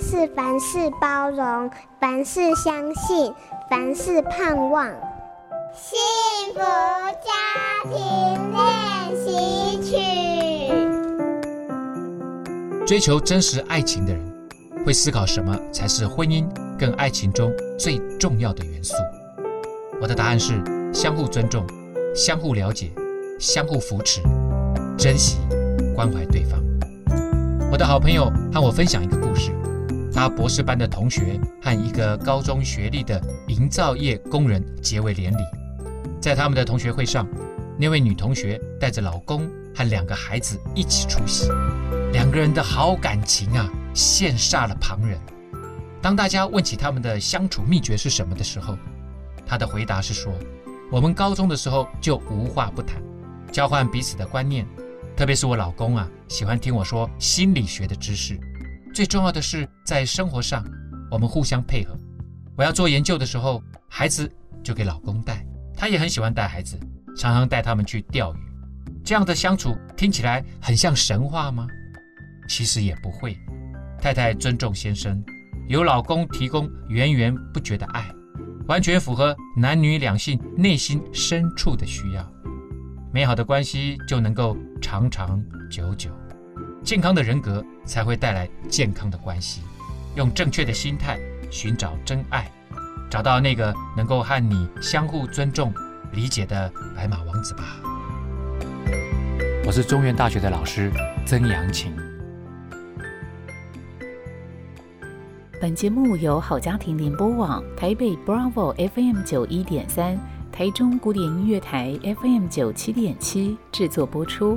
是凡事包容，凡事相信，凡事盼望。幸福家庭練習曲。追求真實愛情的人，會思考什麼才是婚姻跟愛情中最重要的元素？我的答案是：相互尊重，相互了解，相互扶持，珍惜，關懷對方。我的好朋友和我分享一個故事。他博士班的同學和一個高中學歷的營造業工人結為連理，在他們的同學會上，那位女同學帶着老公和兩個孩子一起出席，兩個人的好感情啊羨煞了旁人。當大家問起他們的相處秘訣是什麼的時候，他的回答是說：“我們高中的時候就無話不談，交換彼此的觀念，特別是我老公啊，喜歡聽我說心理學的知識。”最重要的是，在生活上，我們互相配合。我要做研究的時候，孩子就給老公帶。他也很喜歡帶孩子，常常帶他們去釣魚。這樣的相處聽起來很像神話嗎？其實也不會。太太尊重先生，由老公提供源源不絕的愛，完全符合男女兩性內心深處的需要。美好的關係就能夠長長久久。健康的人格才會帶來健康的關係。用正確的心態尋找真愛，找到那個能夠和你相互尊重、理解的白馬王子吧。我是中原大學的老師曾陽晴。本節目由好家庭聯播網、台北 Bravo FM 九一點三、台中古典音樂台 FM 九七點七製作播出。